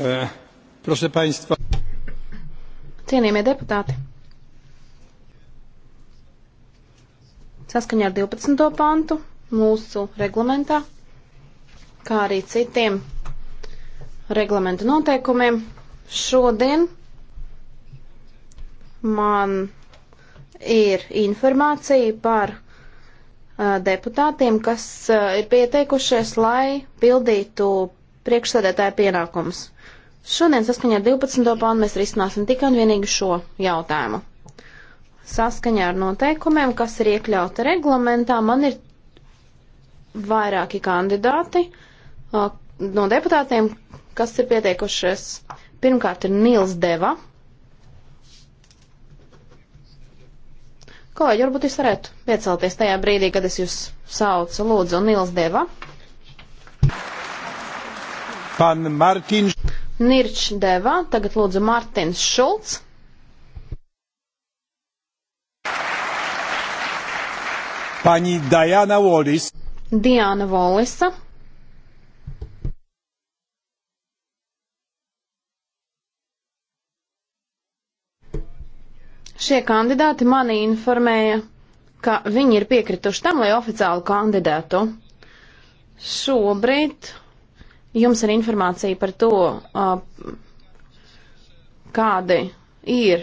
E, proszę Państwa. Cienījamie deputāti, saskaņā ar 12. pantu mūsu reglamentā, kā arī citiem reglamentu noteikumiem, šodien man ir informācija par uh, deputātiem, kas uh, ir pieteikušies, lai pildītu priekšsēdētāja pienākums. Šodien saskaņā ar 12. pānu mēs risināsim tikai un vienīgi šo jautājumu. Saskaņā ar noteikumiem, kas ir iekļauti reglamentā, man ir vairāki kandidāti no deputātiem, kas ir pieteikušies. Pirmkārt ir Nils Deva. Kolēģi, varbūt jūs varētu piecelties tajā brīdī, kad es jūs saucu, lūdzu, Nils Deva. Pan Martins. Nirč Deva, tagad lūdzu Martins Šulcs. Pani Diana Wallis. Diana Wallisa. Šie kandidāti mani informēja, ka viņi ir piekrituši tam, lai oficiāli kandidētu. Šobrīd jums ir informācija par to, kādi ir,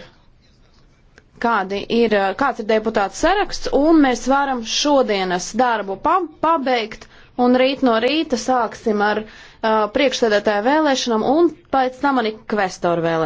kādi ir, kāds ir deputāts saraksts, un mēs varam šodienas darbu pabeigt, un rīt no rīta sāksim ar priekšsēdētāju vēlēšanām, un pēc tam arī kvestoru vēlēšanām.